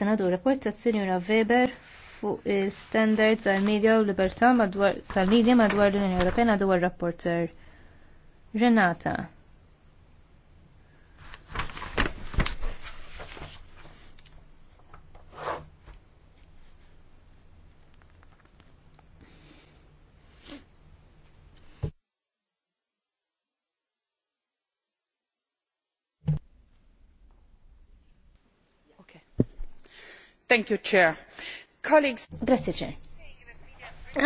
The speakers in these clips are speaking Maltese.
Issa nadu rapporta ta' Sinjura Weber fuq standards għal-medja u libertà tal-medja madwar l-Unjoni Ewropea dwar rapporter Renata. Grazie, Chair.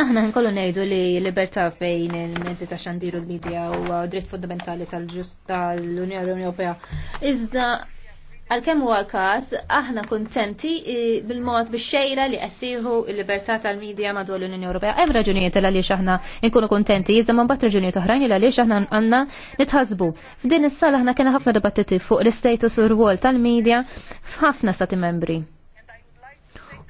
Aħna nkollu ngħidu li l-libertà fejn il-mezzi ta' xandiru l midja u dritt fundamentali tal-ġust tal-Unjoni Ewropea. Iżda għalkemm huwa każ aħna kuntenti eh, bil-mod bix-xejra li qed tieħu l-libertà tal midja madwar l-Unjoni Ewropea. Hemm raġunijiet għaliex aħna nkunu kuntenti, iżda ma mbagħad raġunijiet oħrajn li għaliex aħna għandna nitħasbu. F'din is-sala aħna kena ħafna dibattiti fuq l-istatus u r-rwol tal midja f'ħafna stati membri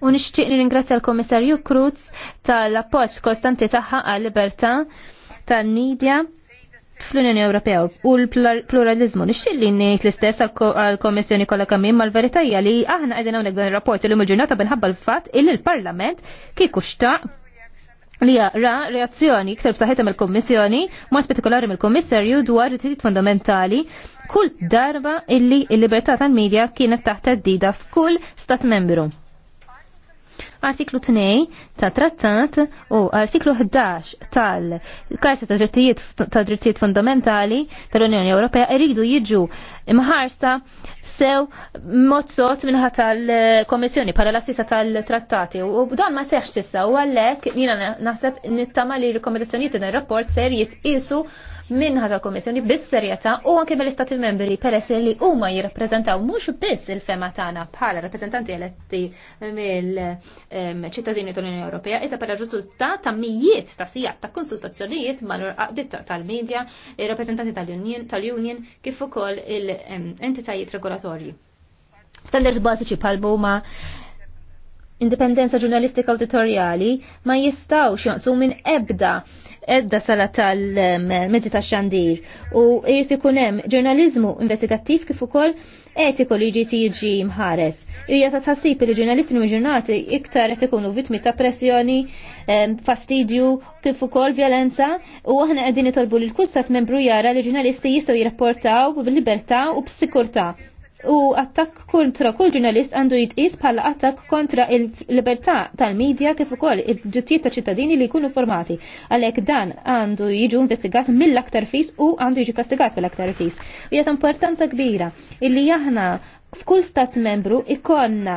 u nixtieq nirringrazzja l-Komissarju Cruz tal-appoġġ kostanti tagħha għal-libertà tal media fl-Unjoni Ewropea u l-pluralizmu. Nixtieq li ngħid l-istess għall-Komissjoni kollha kemm mal verità hija li aħna qegħdin hawnhekk dan ir-rapport illum il-ġurnata minħabba l-fatt illi l-Parlament kieku xtaq li ra reazzjoni iktar b'saħħitha mill-Kummissjoni, ma spettikolari mill-Kummissarju dwar it-trid fundamentali kull darba illi l-libertà tal-medja kienet taħt teddida f'kull stat membru artiklu 2 ta' trattat u artiklu 11 tal-Karta ta' Drittijiet Fundamentali tal-Unjoni Ewropea jridu jiġu imħarsa sew mozzot minħa tal-Komissjoni pala l sisa tal-trattati u dan ma seħx sissa u għallek jina naħseb nittama li rekomendazzjoniet dan rapport ser jitqisu minħa tal-Komissjoni bis-serjetà u anke mill-Istati membri peress li huma jirrappreżentaw mhux biss il-fema tagħna bħala rappreżentanti eletti mill-ċittadini tal-Unjoni Ewropea, iżda bħala riżultat ta' mijiet ta' sijat ta' konsultazzjonijiet mal-qditta tal-medja, ir-rappreżentanti tal-Union kif ukoll il entitajiet regolatorji. Standards bażiċi bħal ma indipendenza ġurnalistika auditoriali ma jistaw jonqsu minn ebda ebda sala tal medzi ta' xandir u jrid ikun hemm ġurnaliżmu investigattiv kif ukoll etiko li jiġi tiġi mħares hija ta' tħassib li ġurnalisti u ġurnati iktar qed ikunu vittmi ta' pressjoni, fastidju, kif ukoll violenza u aħna qegħdin itolbu lil kull stat membru jara li ġurnalisti jistgħu jirrapportaw bil-libertà u b'sikurtà. U attakk kontra kull ġurnalist għandu jitqis bħala attakk kontra il-libertà tal-medja kif ukoll il-ġittijiet ta' ċittadini li jkunu formati. Għalhekk dan għandu jiġu investigat mill-aktar fis u għandu jiġu kastigat mill-aktar fis. Hija importanza kbira illi aħna f'kull stat membru ikonna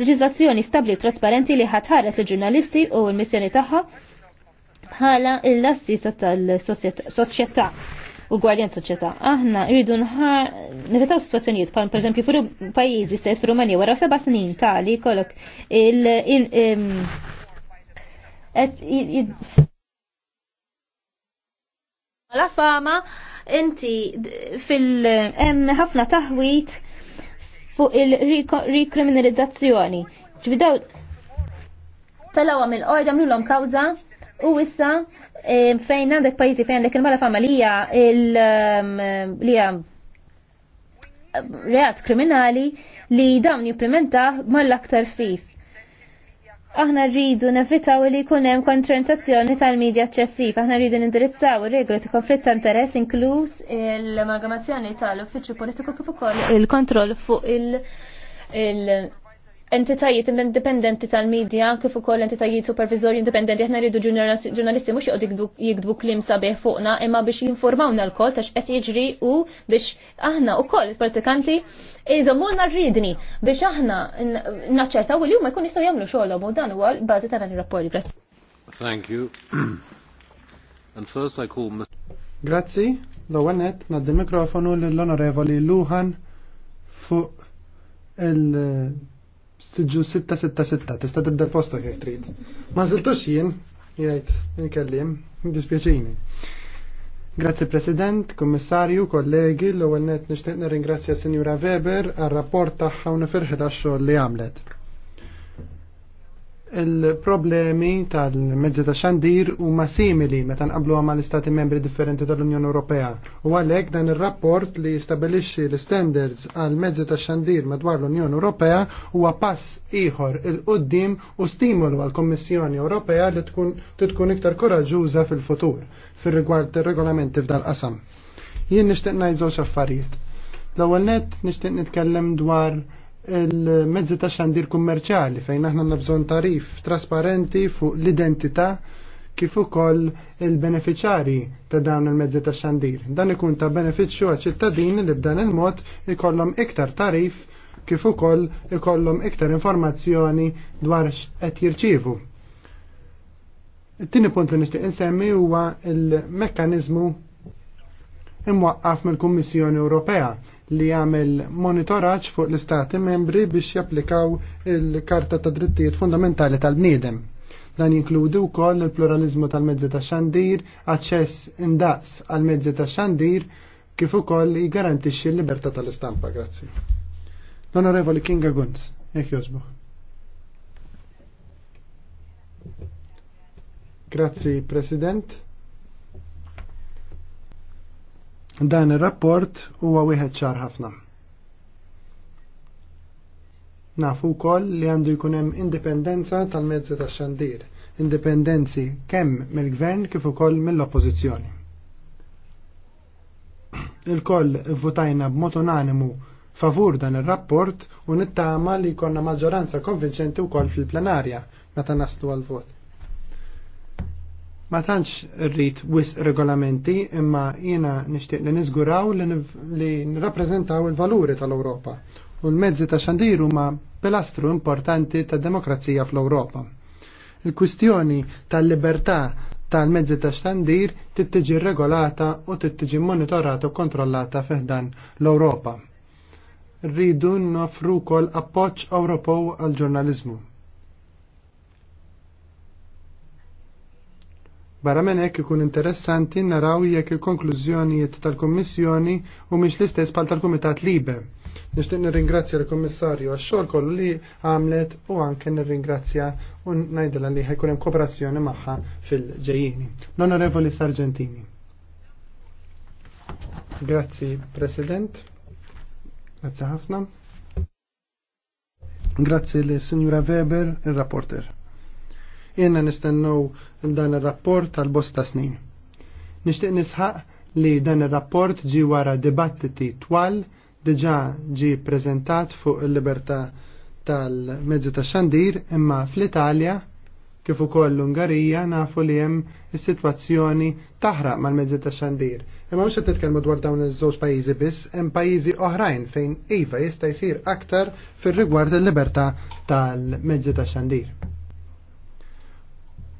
leġislazzjoni stabli u trasparenti li ħatħares il-ġurnalisti u l-missjoni tagħha bħala l-assista tal-soċjetà u gwardjan soċjetà. Aħna rridu nħar nifetaw situazzjonijiet bħal pereżempju furu pajjiżi stess f'Rumanija wara seba' snin tali kollok il la fama inti fil hemm ħafna taħwit fuq il-rikriminalizzazzjoni. Ġbidaw talawa mill għamlu l-lom kawza u issa e, fejn għandek pajzi fejn għandek il-mala famalija li għam reat kriminali li dawn jimplementa mal-aktar fis aħna rridu nevitaw li jkun hemm tal-medja ċessif, aħna rridu nindirizzaw ir-regoli ta' konflitt ta' interess inkluż l-amalgamazzjoni tal-uffiċċju politiku kif ukoll il-kontroll fuq il entitajiet indipendenti tal-medja kif ukoll entitajiet supervizorji indipendenti aħna rridu ġurnalisti mhux joqgħdu jikdbu kliem sabiħ fuqna imma biex jinformawna l-kol tax qed jiġri u biex aħna ukoll il-pratikanti iżommulna rridni biex aħna naċċertaw li huma jkun jistgħu jagħmlu xogħolhom u dan huwa l-bażi ta' dan ir-rapport. Grazzi. Thank you. And first I call Mr. Grazzi, l-ewwel nett mikrofonu lill-Onorevoli Luhan fuq il- siġu 666, testa tibda l-posto jek trid. Ma ziltux jien, jgħid, nkellim, dispieċini. Grazzi President, Kommissarju, kollegi, l-ewwel net nixtieq nirringrazzja Sinjura Weber għal rapport tagħha u nifirħilha xogħol li għamlet il-problemi tal-mezzi ta' xandir u ma' simili meta nqablu għama l-istati membri differenti tal-Unjoni Ewropea. U għalek dan il-rapport li stabilixxi l-standards għal mezzi ta' xandir madwar l-Unjoni Ewropea huwa pass ieħor il-qoddim u stimolu għal kommissjoni Ewropea li tkun iktar koraġuża fil-futur fir-rigward ir-regolamenti f'dal qasam. Jien nixtieq ngħid żewġ affarijiet. L-ewwel nett nixtieq nitkellem dwar il-mezzi ta' xandir kummerċali fejn aħna nabżon tarif trasparenti fuq l-identità kif ukoll il-beneficjari ta' dawn il-mezzi ta' xandir. Dan ikun ta' beneficju għal ċittadini li b'dan il-mod ikollhom iktar tarif kif ukoll ikollhom iktar informazzjoni dwar qed jirċievu. It-tieni punt li nixtieq insemmi huwa il-mekkaniżmu imwaqqaf mill-Kummissjoni Ewropea li għamel monitoraċ fuq l-istati membri biex japplikaw il-Karta ta' Drittijiet Fundamentali tal-Bniedem. Dan jinkludi wkoll il-pluralizmu tal-mezzi ta' xandir, aċċess indaqs għal mezzi ta' xandir, kif ukoll jgarantixxi l-libertà tal-istampa. Grazzi. L-Onorevoli Kinga Gunz, jekk jogħġbok. Grazzi, President. Dan ir-rapport huwa wieħed ċar ħafna. Nafu wkoll li għandu jkun hemm indipendenza tal-mezzi tax-xandir, indipendenzi kemm mill-gvern kif ukoll mill-oppożizzjoni. Il-koll votajna b'mod unanimu favur dan ir-rapport u nittama li jkollna maġġoranza konvinċenti wkoll fil-plenarja meta naslu għal-vot ma tantx rrit wis regolamenti imma jiena nixtieq li niżguraw li nirrappreżentaw il-valuri tal-Ewropa u l-mezzi ta' xandiru ma pilastru importanti ta' demokrazija fl-Ewropa. Il-kwistjoni tal-libertà tal-mezzi ta' xandir tittiġi regolata u tittiġi monitorata u kontrollata fiħdan l-Ewropa. Rridu nofru kol appoċ Ewropew għal-ġurnalizmu Barra menek ikun interessanti naraw jekk il-konklużjonijiet tal-Kummissjoni u mhix l-istess bħal tal-Kumitat Libe. Nixtieq nirringrazzja l-Kummissarju għax-xogħol kollu li għamlet u anke nirringrazzja u ngħidilha li ħajkun hemm kooperazzjoni magħha fil-ġejjieni. L-Onorevoli Sargentini. Grazzi, President. Grazzi ħafna. Grazzi l-Sinjura Weber, il-rapporter jenna nistennew dan ir-rapport tal-bosta snin. Nixtieq nisħaq li dan ir-rapport ġi wara dibattiti twal diġà ġi prezentat fuq il-libertà tal-mezzi tax-xandir imma fl-Italja kif ukoll l-Ungarija nafu li hemm is-sitwazzjoni taħraq mal-mezzi ta' xandir. Imma mhux qed titkellmu dwar dawn iż-żewġ pajjiżi biss, hemm pajjiżi oħrajn fejn iva jista' jsir aktar fir-rigward il-libertà tal-mezzi ta' xandir.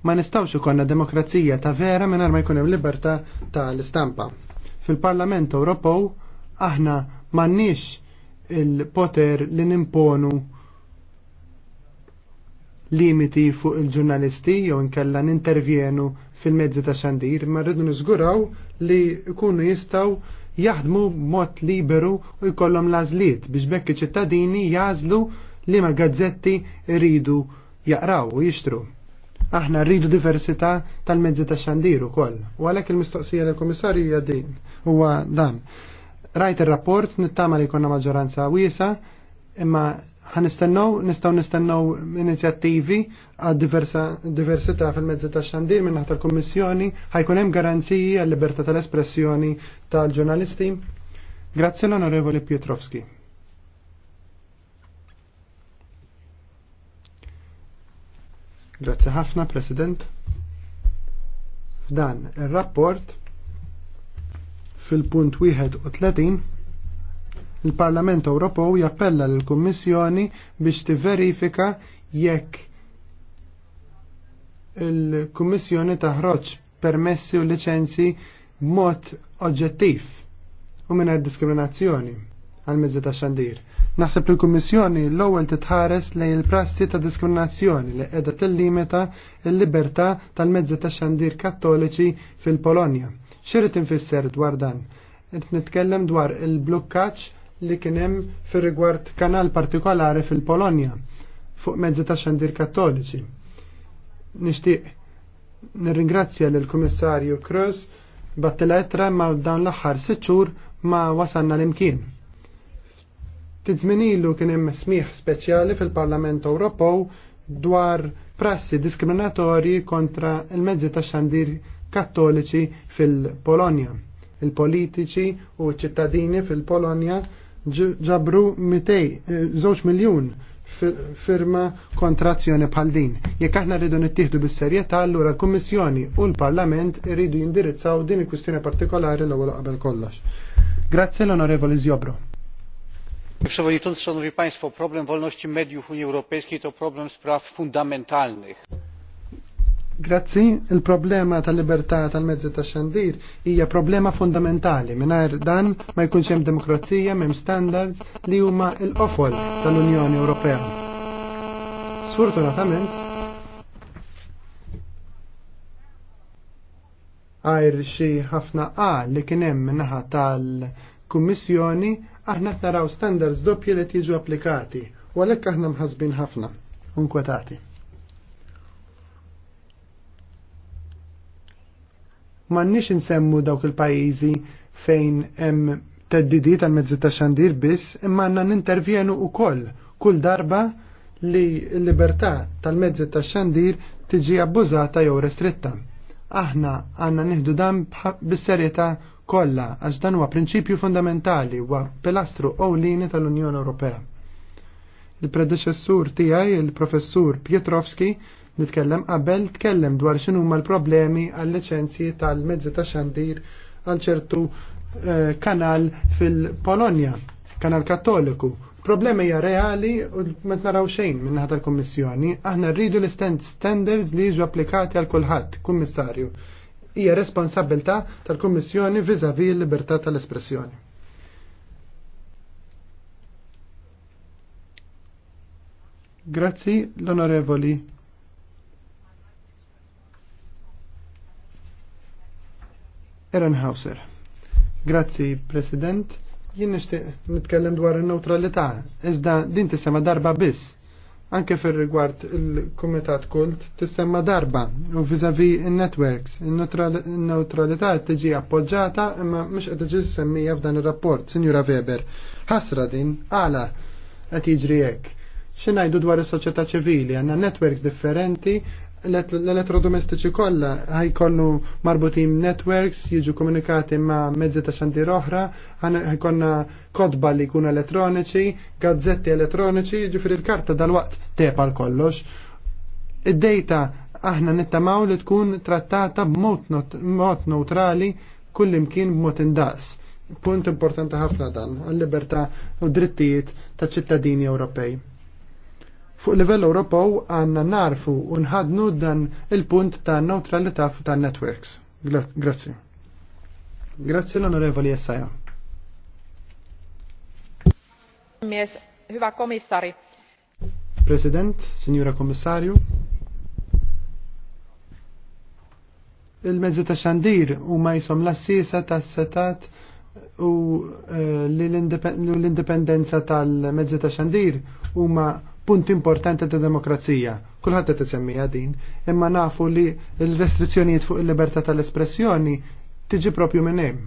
Ma nistawx ikonna demokrazija ta' vera mingħajr ma jkun hemm libertà tal-istampa. Fil-Parlament Ewropew aħna m'għandniex il-poter li nimponu limiti fuq il-ġurnalisti jew inkella nintervjenu fil-mezzi ta' xandir, ma rridu niżguraw li jkunu jistgħu jaħdmu mod liberu u jkollhom lażliet biex bekk iċ-ċittadini jażlu li ma gazzetti rridu jaqraw u jixtru. Aħna rridu diversità tal-mezzi ta' xandiru koll. U għalhekk il-mistoqsija lill-Kummissarju hija din huwa dan. Rajt ir-rapport nittama li konna maġġoranza wiesa, imma ħanistennow, nistaw nistennow inizjattivi għad diversità fil-mezzi ta' xandir minn naħta l-Kommissjoni, ħajkun hemm garanziji għall libertà tal-espressjoni tal-ġurnalisti. Grazzi l-Onorevoli Pietrovski. Grazzi ħafna, President. F'dan ir-rapport fil-punt 31 il-Parlament Ewropew jappella l kummissjoni biex tiverifika jekk il-Kummissjoni taħroġ permessi u liċenzi b'mod oġġettiv u mingħajr diskriminazzjoni għal mezzi ta' xandir. Naħseb li l-Kummissjoni l-ewwel titħares lejn il-prassi ta' diskriminazzjoni li qiegħda tillimita l-libertà tal-mezzi ta' xandir kattoliċi fil-Polonja. Xirrid infisser dwar dan? Qed nitkellem dwar il-blukkaċ li kien hemm fir-rigward kanal partikolari fil-Polonja fuq mezzi ta' xandir kattoliċi. Nixtieq nirringrazzja lill kummissarju Kroos battiletra ma' dawn l-aħħar sitt xhur ma' wasanna l-imkien. Tizminilu kien hemm smieħ speċjali fil-Parlament Ewropew dwar prassi diskriminatorji kontra il-mezzi ta' xandir kattoliċi fil-Polonja. Il-politiċi u ċittadini fil-Polonja ġabru zoċ eh, miljun firma kontrazzjoni bħal din. Jekk aħna rridu nittieħdu bis-serjetà, allura l-Kummissjoni u l-Parlament irridu jindirizzaw din il-kwistjoni partikolari l-ewwel qabel kollox. Grazzi l-Onorevoli Ziobro panie przewodniczący! problem wolności mediów w unii europejskiej to problem spraw fundamentalnych. Grazzi, il-problema tal-libertà tal-mezzi ta' xandir hija problema fundamentali. Mingħajr dan ma jkunx hemm demokrazija, m'hemm standards li huma l ofol tal-Unjoni Ewropea. Sfortunatament, għajr xi ħafna qal li kien hemm tal-Kummissjoni aħna naraw standards doppji li tiġu applikati u għalhekk aħna mħasbin ħafna unkwetati. M'għandniex insemmu dawk il-pajjiżi fejn hemm teddidi tal-mezzi ta' xandir biss imma għandna nintervjenu wkoll kull darba li l-libertà tal-mezzi ta' xandir tiġi abbużata jew restritta. Aħna għandna nieħdu dan bis-serjetà kollha għax dan huwa prinċipju fundamentali huwa pilastru ewlieni tal-Unjoni Ewropea. Il-predeċessur tiegħi il-professur Pietrowski nitkellem qabel tkellem dwar x'inhu huma l-problemi għal liċenzji tal-mezzi ta' xandir għal ċertu eh, kanal fil-Polonja, kanal kattoliku. Problemi hija reali u ma naraw xejn minn naħa tal-Kummissjoni. Aħna rridu l-standards li jiġu applikati għal kulħadd, Kummissarju hija responsabilta tal-Kummissjoni viżavi l-libertà tal-espressjoni. Grazzi l-onorevoli Ehrenhauser. Grazzi, President. Jien nixtieq nitkellem dwar in-neutralità, iżda din tisema darba biss anke fir rigward il-Kumitat Kult tissemma darba u vizavi il networks In-neutralità tiġi appoġġata imma mhux qed tiġi semmija f'dan ir-rapport, Sinjura Weber. Ħasra din għala qed jiġri hekk. X'ingħidu dwar is-soċjetà ċivili għandna networks differenti l-elettrodomestiċi kollha ħajkollu marbutin networks, jiġu komunikati ma' mezzi ta' xandir oħra, ħajkonna kodba li jkunu elettroniċi, gazzetti elettroniċi, ġifir il-karta dal-waqt tepal kollox. Id-data aħna nittamaw li tkun trattata b'mod neutrali kull imkien b'mod indaqs. Punt importanti ħafna dan, għal-libertà u drittijiet ta' ċittadini Ewropej. Fuq livell Ewropew għandna narfu u nħadnu dan il-punt ta' neutralità ta' networks. Grazzi. Grazzi l-Onorevoli Essaja. Mies, hyvä komissari. President, Signora Kommissarju, il-mezzi ta' xandir u ma jisom l-assisa ta' setat u eh, li l-indipendenza tal-mezzi ta' xandir huma punt importanti ta' demokrazija. Kulħadd qed isemmija din, imma nafu li l-restrizzjonijiet fuq il-libertà tal-espressjoni tiġi propju minn hemm.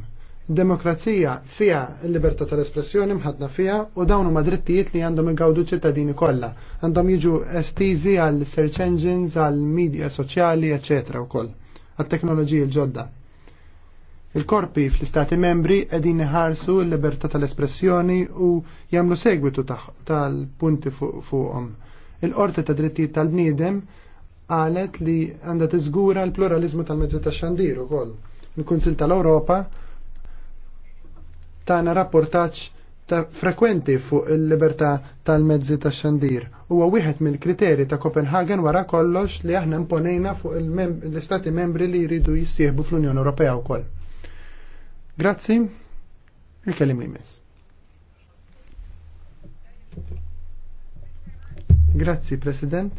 Demokrazija fija l-libertà tal-espressjoni mħadna fija u dawn huma drittijiet li għandhom igawdu ċittadini kollha. Għandhom jiġu estiżi għal search engines, għal media soċjali, eċetera wkoll. Għat-teknoloġiji l-ġodda. Il-korpi fl-istati membri edin ħarsu l-libertà tal-espressjoni u jamlu segwitu tal-punti fuqhom. Il-qorti ta' drittijiet tal-bniedem qalet li għandha tiżgura l-pluralizmu tal-mezzi tax-xandir ukoll. Il-Kunsil tal-Ewropa tana rapportaċ ta' frekwenti fuq il-libertà tal-mezzi ta' xandir. Huwa wieħed mill-kriteri ta' Copenhagen wara kollox li aħna imponejna fuq l-istati membri li jridu jissieħbu fl-Unjoni Ewropea wkoll. Grazzi, il-kellim li mes. Grazzi, President.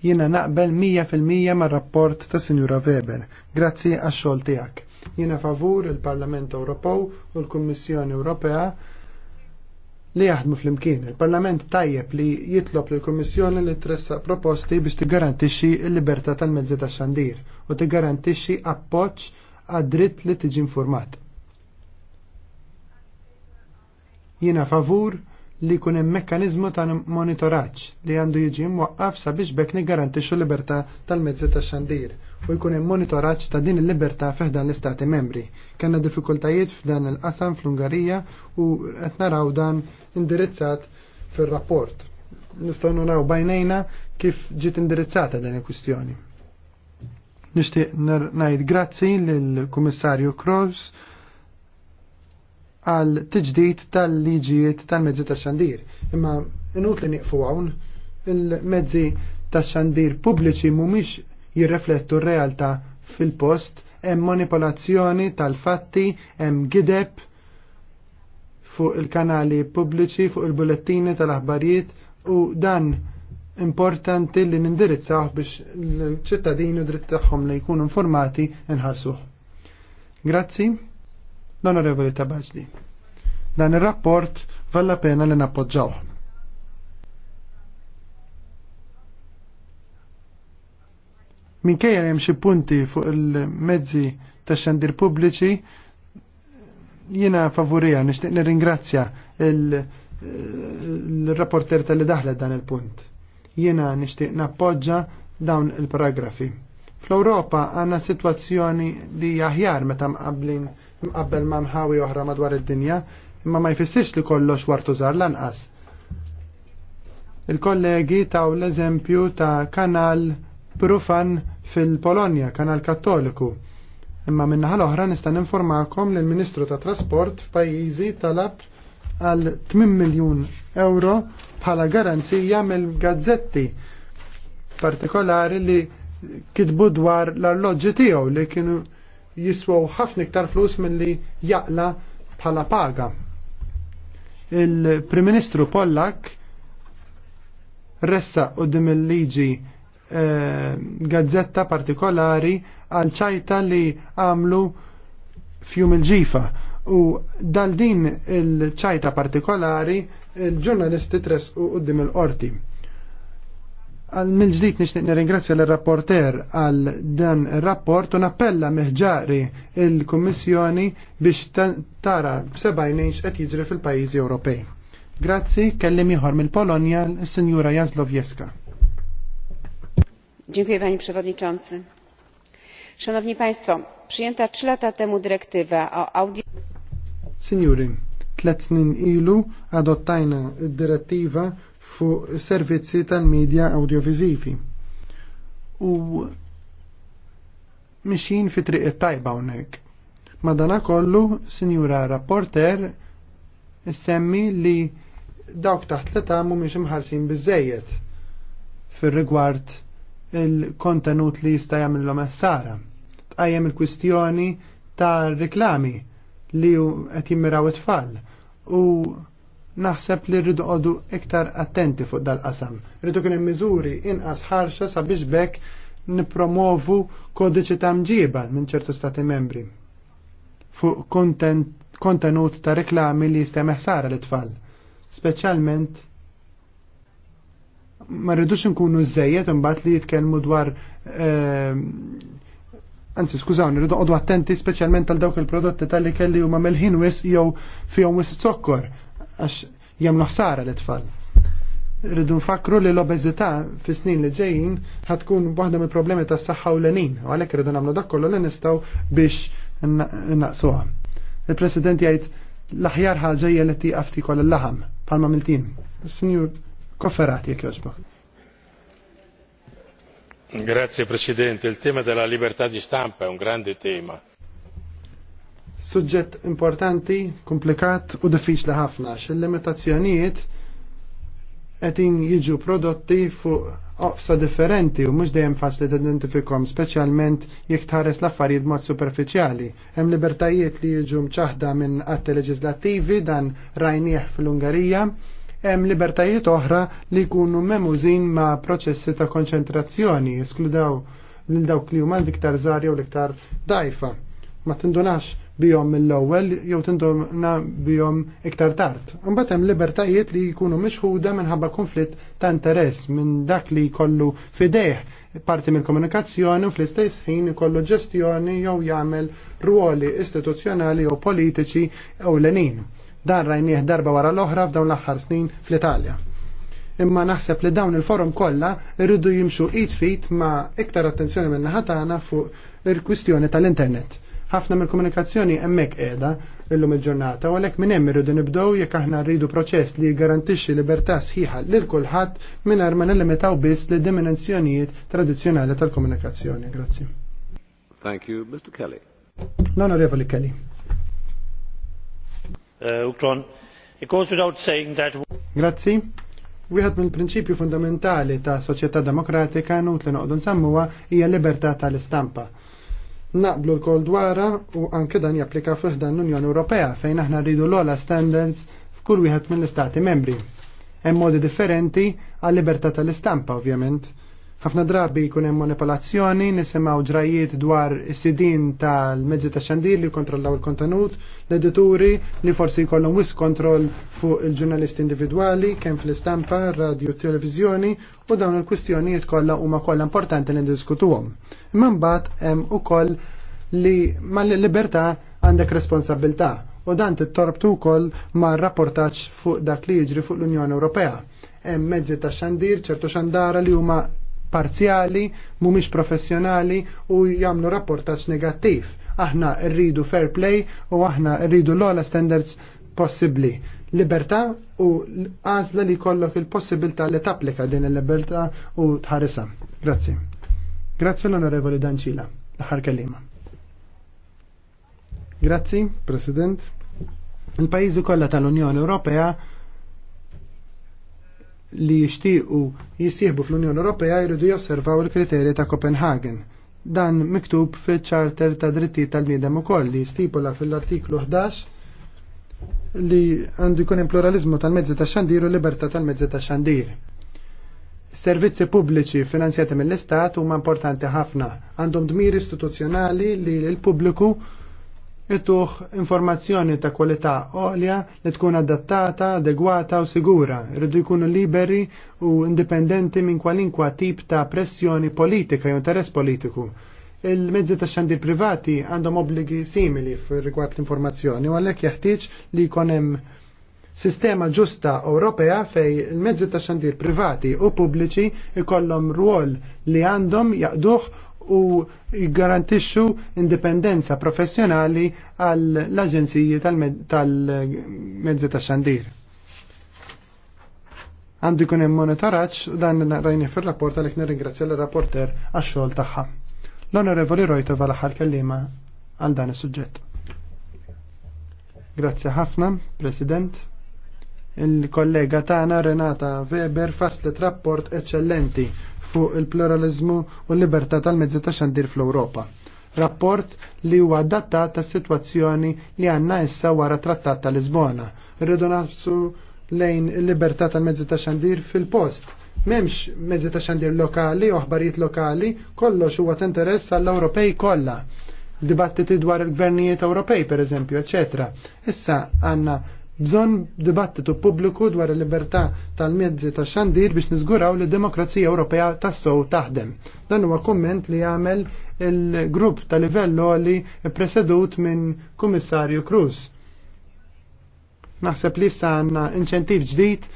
Jiena naqbel 100% mar rapport ta' Sinjura Weber. Grazzi għax-xogħol tiegħek. Jiena favur il-Parlament Ewropew u l-Kummissjoni Ewropea li jaħdmu fl-imkien. Il-Parlament tajjeb li jitlob lill kummissjoni li tressa proposti biex tigarantixxi l-libertà tal-mezzi tax-xandir u tigarantixxi appoġġ għad-dritt li tiġi infurmat. Jiena favur li kun hemm mekkaniżmu ta' monitoraġġ li għandu jiġi mwaqqaf sabiex bekk nigarantixxu libertà tal-mezzi tax-xandir u jkun hemm monitoraġġ ta' din il-libertà fiħdan l-istati membri. Kenna diffikultajiet f'dan il-qasam fl-Ungarija u qed naraw dan indirizzat fir-rapport. Nistgħu naraw bajnejna kif ġiet indirizzata dan il-kwistjoni. Nixtieq ngħid grazzi lill-Kummissarju Kroos għal tiġdid tal-liġijiet tal-mezzi tax-xandir. Imma inutli li nieqfu hawn il-mezzi tax-xandir pubbliċi mhumiex jirreflettu r-realtà fil-post, hemm manipolazzjoni tal-fatti, hemm gideb fuq il-kanali pubbliċi, fuq il-bulettini tal-aħbarijiet u dan importanti li nindirizzawh biex l-ċittadini dritt tagħhom li jkunu informati nħarsuh. Grazzi, l-Onorevoli Tabaġdi. Dan ir-rapport valla pena li nappoġġawh. minkejja hemm xi punti fuq il-mezzi tax-xandir pubbliċi jiena favorija nixtieq nirringrazzja eh, il-rapporter tal-li daħla dan il-punt. Jiena nixtieq nappoġġa dawn il-paragrafi. Fl-Ewropa għandna sitwazzjoni li aħjar meta mqablin mqabbel ma' mħawi oħra madwar id-dinja, imma ma jfissirx li kollox wartu żar lanqas. Il-kollegi taw l-eżempju ta' kanal Prufan fil-Polonja, kanal kattoliku. Imma minna ħal-oħra nista' ninformakom li l-Ministru ta' Trasport f'pajjiżi talab għal 8 miljun euro bħala garanzija mill-gazzetti partikolari li kitbu dwar l-arloġġi tiegħu li kienu jiswaw ħafna iktar flus milli jaqla bħala paga. Il-Prim Ministru Pollak ressa qudiem il-liġi Eh, gazzetta partikolari għal ċajta li għamlu fjum il-ġifa u dal din il-ċajta partikolari il-ġurnalisti tres u uddim il-qorti. Għal mill-ġdijt nishtiq nirringrazzja l-rapporter għal dan il-rapport u nappella meħġari il-Kommissjoni biex tara b'sebajnejx qed jiġri fil-pajjiżi Ewropej. Grazzi, kellim ieħor mill-Polonja, s-Sinjura Jeska panie przewodniczący! Szanowni Państwo, przyjęta trzy lata temu dyrektywa o audio... Signori, tlet snin ilu adottajna direttiva fuq servizzi tal-medja audiovisivi. U mixin fi triq tajba hawnhekk. Madana kollu, sinjura rapporter, semmi li dawk taħt li tamu miex imħarsin bizzejiet fil-rigward il-kontenut li jista' jagħmilhom ħsara. Tqajjem il-kwistjoni ta' riklami li qed jimmiraw it-tfal u naħseb li rridu qodu iktar attenti fuq dal-qasam. Rridu kien hemm miżuri inqas ħarxa sabiex bekk nipromovu kodiċi ta' mġiba minn ċertu stati membri fuq kontenut ta' reklami li jista' meħsara l-tfal, speċjalment ma rridux nkunu żejjed imbagħad li jitkellmu dwar ehm, anzi skużaw, nirridu qodu attenti speċjalment għal dawk il-prodotti tal-li kelli huma melħin wis jew fihom wis zokkor għax jagħmlu ħsara l-itfal. Rridu nfakru li l-obeżità fi snin li ġejjin ħatkun waħda mill-problemi tas-saħħa u l-għenin, u għalhekk rridu nagħmlu dak kollu li nistgħu biex naqsuha. Il-President jgħid l-aħjar ħaġa li tieqaf tikol il-laħam bħalma miltin. Signor Kofferati jekk jogħġbok. Grazie Presidente, il tema della libertà di stampa è un grande tema. Suġġett importanti, komplikat u diffiċli ħafna x'il-limitazzjonijiet qegħdin jiġu prodotti fuq oqsa differenti u mhux dejjem faċli tidentifikhom speċjalment jekk tħares l-affarijiet mod superfiċjali. Hemm libertajiet li jiġu mċaħda minn atti leġislattivi dan rajnieh fl-Ungarija hemm libertajiet oħra li jkunu memużin ma' proċessi ta' konċentrazzjoni, eskludaw lil dawk li huma l-iktar żgħar jew l-iktar dajfa. Ma tindunax bihom mill-ewwel jew tinduna bihom iktar tard. Imbagħad hemm libertajiet li jkunu mixħuda minħabba konflitt ta' interess minn dak li jkollu fidejh parti mill-komunikazzjoni u fl-istess ħin ikollu ġestjoni jew jagħmel ruoli istituzzjonali jew politiċi ewlenin Dan rajnieh darba wara l-oħra f'dawn l-aħħar snin fl-Italja. Imma naħseb li dawn il-forum kollha irridu jimxu id fit ma' iktar attenzjoni minn ħatana fuq il-kwistjoni tal-internet. Ħafna mill-komunikazzjoni hemmhekk qiegħda illum il-ġurnata, u għalhekk minn hemm irridu nibdew jekk aħna rridu proċess li jgarantixxi libertà sħiħa lil kulħadd mingħajr ma nillimitaw biss lid dimensjonijiet tradizzjonali tal-komunikazzjoni. Grazzi. Thank you, Mr. Kelly. L-Onorevoli Kelly. Uh, Grazzi. Wieħed mill-prinċipju fundamentali ta' soċjetà demokratika nut li noqdu nsammuha hija libertà tal-istampa. Naqblu l-kol dwara u anke dan japplika dan l-Unjoni Ewropea fejn aħna rridu l-ola standards f'kull wieħed mill-istati membri. Hemm modi differenti għal libertà tal-istampa ovvjament ħafna drabi jkun hemm manipolazzjoni, nisimgħu ġrajiet dwar is-sidin tal-mezzi ta' xandir li jkontrollaw il-kontenut, l-edituri li forsi jkollhom wis kontroll fuq il-ġurnalisti individwali kemm fl-istampa, radio, televiżjoni u dawn il-kwistjonijiet kollha huma kollha importanti li ndiskutuhom. Imma mbagħad hemm ukoll li mal-libertà għandek responsabilità u dan tittorbtu wkoll ma' rapportaġġ fuq dak li jiġri fuq l-Unjoni Ewropea. Hemm mezzi ta' xandir ċertu xandara li huma parzjali, mhumiex professjonali u jagħmlu rapportaġġ negattiv. Aħna rridu fair play u aħna rridu l-ola standards possibbli. Libertà u għażla li kollok il-possibilità li tapplika din il-libertà u tħarisa. Grazzi. Grazzi l-Onorevoli Danċila, l kalima. Grazie, Grazzi, President. il pajizu kollha tal-Unjoni Ewropea li jixtiequ jisieħbu fl-Unjoni Ewropea jridu josservaw il-kriterji ta' Copenhagen. Dan miktub fil charter ta' dritti tal-bniedem ukoll li stipula fil-artiklu 11 li għandu jkun hemm pluralizmu tal-mezzi ta' xandir u libertà tal-mezzi ta' xandir. Servizzi pubbliċi finanzjati mill-Istat huma importanti ħafna, għandhom dmir istituzzjonali li l-pubbliku ituħ informazzjoni ta' kwalità għolja li tkun adattata, adegwata u sigura. Irridu jkunu liberi u indipendenti minn kwalinkwa tip ta' pressjoni politika jew interess politiku. Il-mezzi ta' xandir privati għandhom obbligi simili rigward l-informazzjoni u għalhekk jeħtieġ li jkun hemm sistema ġusta Ewropea fej il-mezzi ta' xandir privati u pubbliċi ikollhom ruol li għandhom jaqduh u garantixxu indipendenza professjonali għall aġenziji tal-mezzi tax-xandir. Għandu jkun hemm monitoraġġ u dan rajni fir-rapport għalhekk nirringrazzja l-rapporter għax-xogħol tagħha. L-Onorevoli Rojtova l-aħħar kellima għal dan is-suġġett. Grazzi ħafna, President. Il-kollega tagħna Renata Weber faslet rapport eċċellenti fuq il-pluralizmu u l-libertà tal-mezzi ta' xandir fl-Ewropa. Rapport li huwa adattat ta' situazzjoni li għanna issa wara trattat ta' Lisbona. Rridu nafsu lejn il-libertà tal-mezzi ta' xandir fil-post. Memx mezzi ta' xandir lokali u ħbarijiet lokali, kollox huwa interess għall-Ewropej kollha. Dibattiti dwar il-gvernijiet Ewropej, per eżempju, eccetera. Issa għanna Bżon dibattitu pubbliku dwar il-libertà tal medzi ta' xandir biex niżguraw li demokrazija Ewropea tassow taħdem. Dan huwa komment li għamel il-grupp ta' livello li presedut minn Kummissarju Cruz. Naħseb li issa għandna inċentiv ġdid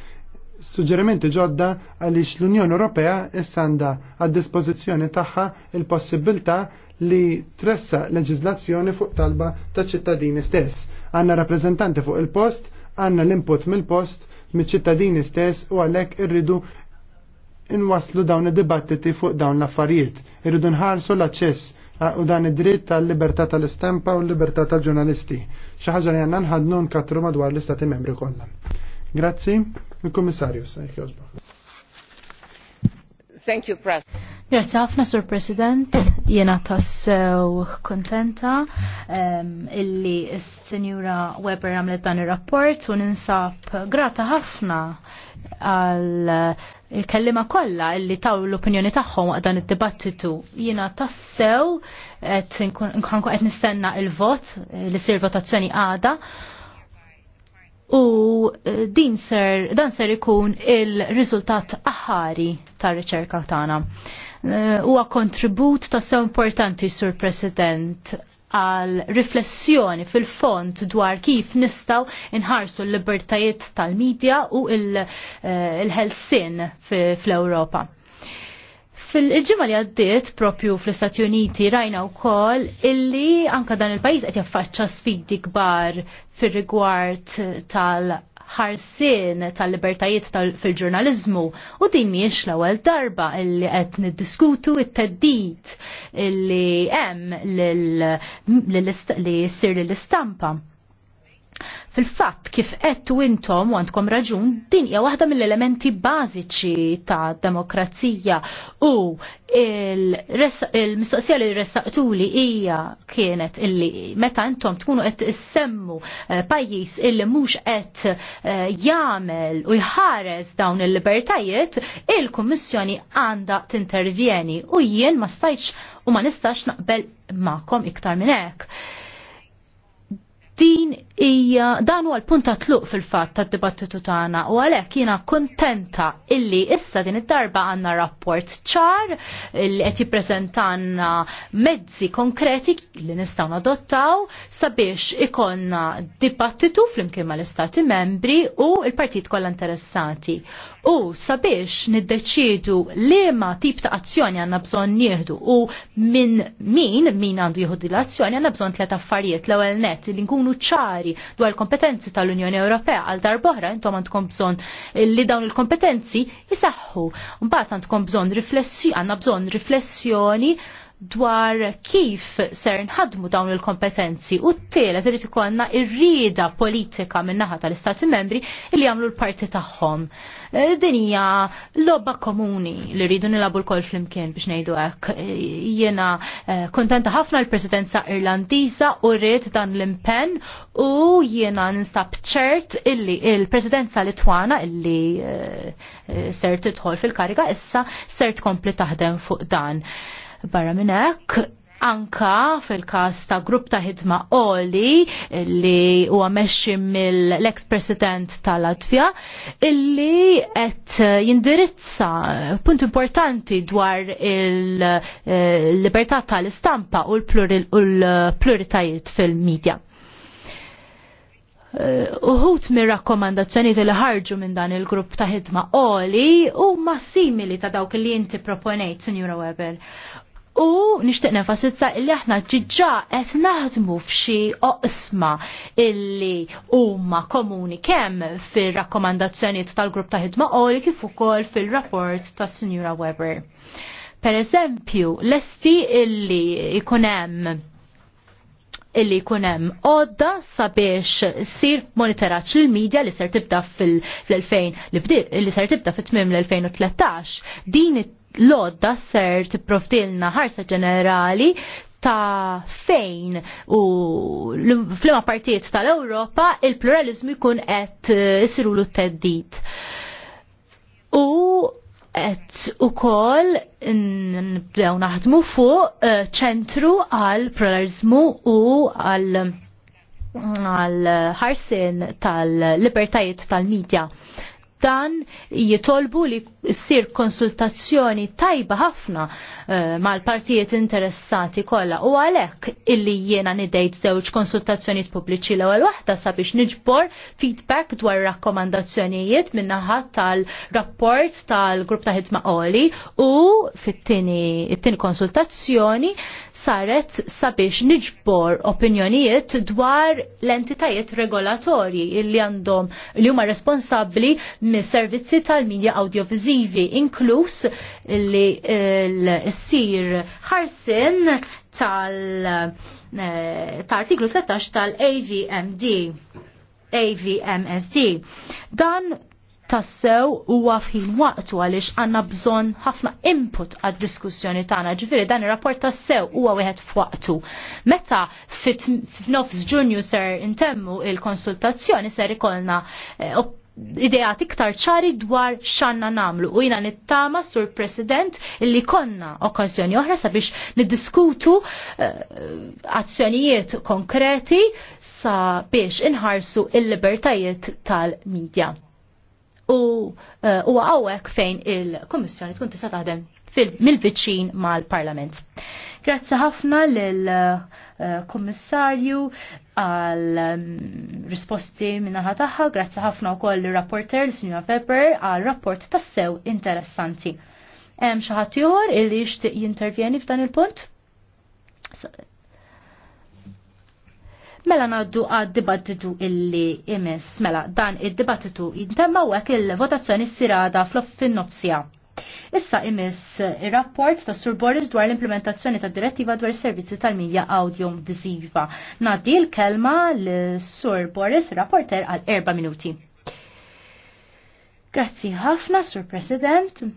suġġerimenti ġodda għaliex l-Unjoni Ewropea issa għandha għad-dispożizzjoni tagħha il-possibilità li tressa leġislazzjoni fuq talba ta' ċittadini stess. Għandna rappreżentanti fuq il-post, għandna l-input mill-post, mill-ċittadini stess u għalhekk irridu inwaslu dawn id-dibattiti fuq dawn l-affarijiet. Irridu nħarsu l-aċċess u dan id-dritt tal-libertà tal-istampa u l-libertà tal-ġurnalisti. Xi ħaġa li għandna nħadnu nkatru madwar l-istati membri kollha. Grazzi. Il-Komissarju, Sajk Thank you, President. Grazie ħafna, Sur President. Jena tassew kontenta um, illi s-Senjura Weber għamlet dan il-rapport u ninsab grata ħafna għal il-kellima kolla illi taw l-opinjoni tagħhom waqt dan id-dibattitu. Jena tassew qed nistenna il-vot li sir votazzjoni għada u eh, din ser, dan ser ikun il-riżultat aħari tar riċerka tagħna. Eh, huwa kontribut ta' sew importanti sur President għal riflessjoni fil-font dwar kif nistaw inħarsu l-libertajiet tal-medja u eh, il-ħelsin fl-Europa. Fil-ġimma li għaddiet propju fl-Istati Uniti rajna wkoll illi anka dan il-pajjiż qed jaffaċċa sfidi kbar fir-rigward tal- ħarsin tal-libertajiet tal fil-ġurnalizmu u din miex l-ewwel darba illi qed niddiskutu it teddit illi hemm li ssir lill-istampa. Fil-fatt kif qed intom u għandkom raġun, din hija waħda mill-elementi bażiċi ta' demokrazija u il-mistoqsija li li ressaqtuli hija kienet illi meta intom tkunu qed issemmu eh, pajjiż illi mhux qed eh, jagħmel u jħares dawn il-libertajiet, il-Kummissjoni għandha tintervjeni u jien ma stajtx u ma nistax naqbel magħkom iktar minn hekk Din hija dan huwa l-punt ta' tluq fil-fatt tad-dibattitu tagħna u għalhekk jiena kuntenta illi issa din id-darba għandna rapport ċar li qed jippreżentanna mezzi konkreti li nistgħu nadottaw sabiex ikonna dibattitu flimkien mal-Istati membri u l-partit kollha interessati. U sabiex niddeċiedu liema tip ta' azzjoni għandna bżonn nieħdu u minn min min għandu jieħu l-azzjoni għandna bżonn tliet affarijiet l-ewwel nett li nkun ikunu ċari dwar kompetenzi tal-Unjoni Ewropea għal darboħra intom għandkom bżonn li dawn il-kompetenzi jisaħħu. Mbagħad għandkom bżonn riflessi għandna bżonn riflessjoni, riflessjoni dwar kif ser nħadmu dawn il-kompetenzi u t-tielet irrid ikollna ir politika min-naħa tal-Istati membri li jagħmlu l-parti tagħhom. Eh, din hija lobba komuni li rridu nilabu l-kol flimkien biex ngħidu hekk. Eh, jiena eh, kontenta ħafna l-Presidenza Irlandiża u rrid dan l-impenn u jiena ninstab ċert illi il-Presidenza Litwana illi ser tidħol fil-kariga issa ser tkompli taħdem fuq dan. Barra minn hekk, anka fil-kas ta' grupp ta' ħidma Oli li huwa meċi mill-ex president ta' Latvia illi qed jindirizza punt importanti dwar il-libertà eh, tal-istampa u l-pluritajiet fil-medja. Eh, uħut mir rakkomandazzjoni li ħarġu minn dan il-grupp ta' ħidma Oli u ma' simili ta' dawk li inti proponejt, Sinjura Weber U nishtiq nefasizza illi aħna ġiġa qed naħdmu f'xi oqsma illi huma komuni kemm fir-rakkomandazzjonijiet tal-grupp ta' ħidma qoli kif ukoll fil-rapport tas Sinjura Weber. Per eżempju, lesti illi ikun hemm illi kunem odda sabiex sir monitoraċ l-medja li ser tibda fil-2000 li ser tibda fit-tmim l-2013 din l-odda ser tipprovdilna ħarsa ġenerali ta' fejn u fl-ma partijiet tal-Europa il-pluralizmu jkun qed isiru l teddit U Et u kol nibdew naħdmu fuq eh, ċentru għal pluralizmu u għal għal ħarsin tal-libertajiet tal-medja dan jitolbu li ssir konsultazzjoni tajba ħafna uh, mal-partijiet interessati kollha u għalhekk illi jiena nidejt żewġ konsultazzjonijiet pubbliċi l-ewwel waħda sabiex niġbor feedback dwar rakkomandazzjonijiet min-naħa tal-rapport tal-grupp ta' ħidma u fit-tieni konsultazzjoni saret sabiex niġbor opinjonijiet dwar l-entitajiet regolatorji illi għandhom li huma responsabbli mis servizzi tal-medja audiovizivi, inkluż li l-sir ħarsin tal-artiklu eh, 13 tal-AVMD. AVMSD. Dan tassew huwa fin waqtu għaliex għanna bżon ħafna input għad diskussjoni tagħna. ġifiri dan ir-rapport tassew huwa wieħed f'waqtu. Meta fit f'nofs Ġunju ser intemmu il-konsultazzjoni ser ikolna eh, ideat iktar ċari dwar xanna namlu u jina nittama sur president li konna okkazjoni oħra sabiex niddiskutu eh, azzjonijiet konkreti sabiex inħarsu il-libertajiet tal-medja. U eh, huwa għawek fejn il komissjoni tkun tista' taħdem mill-viċin mal-Parlament. Grazzi ħafna lil eh, kommissarju għal mm, risposti minnaħa taħħa, grazzi ħafna u koll rapporter l-Sinjora Pepper għal rapport tassew interessanti. Hemm xi ħadd ieħor illi jixtieq jintervjeni f'dan il-punt? Mela naddu għad dibattitu illi imis, mela dan id-dibattitu jintemma għek il-votazzjoni s-sirada fl-offin nozzja Issa imiss ir-rapport ta' Sur Boris dwar l-implementazzjoni ta' direttiva dwar servizzi tal-medja audio viziva. Nadi l-kelma l-Sur Boris, rapporter għal erba' minuti. Grazzi ħafna, Sur President.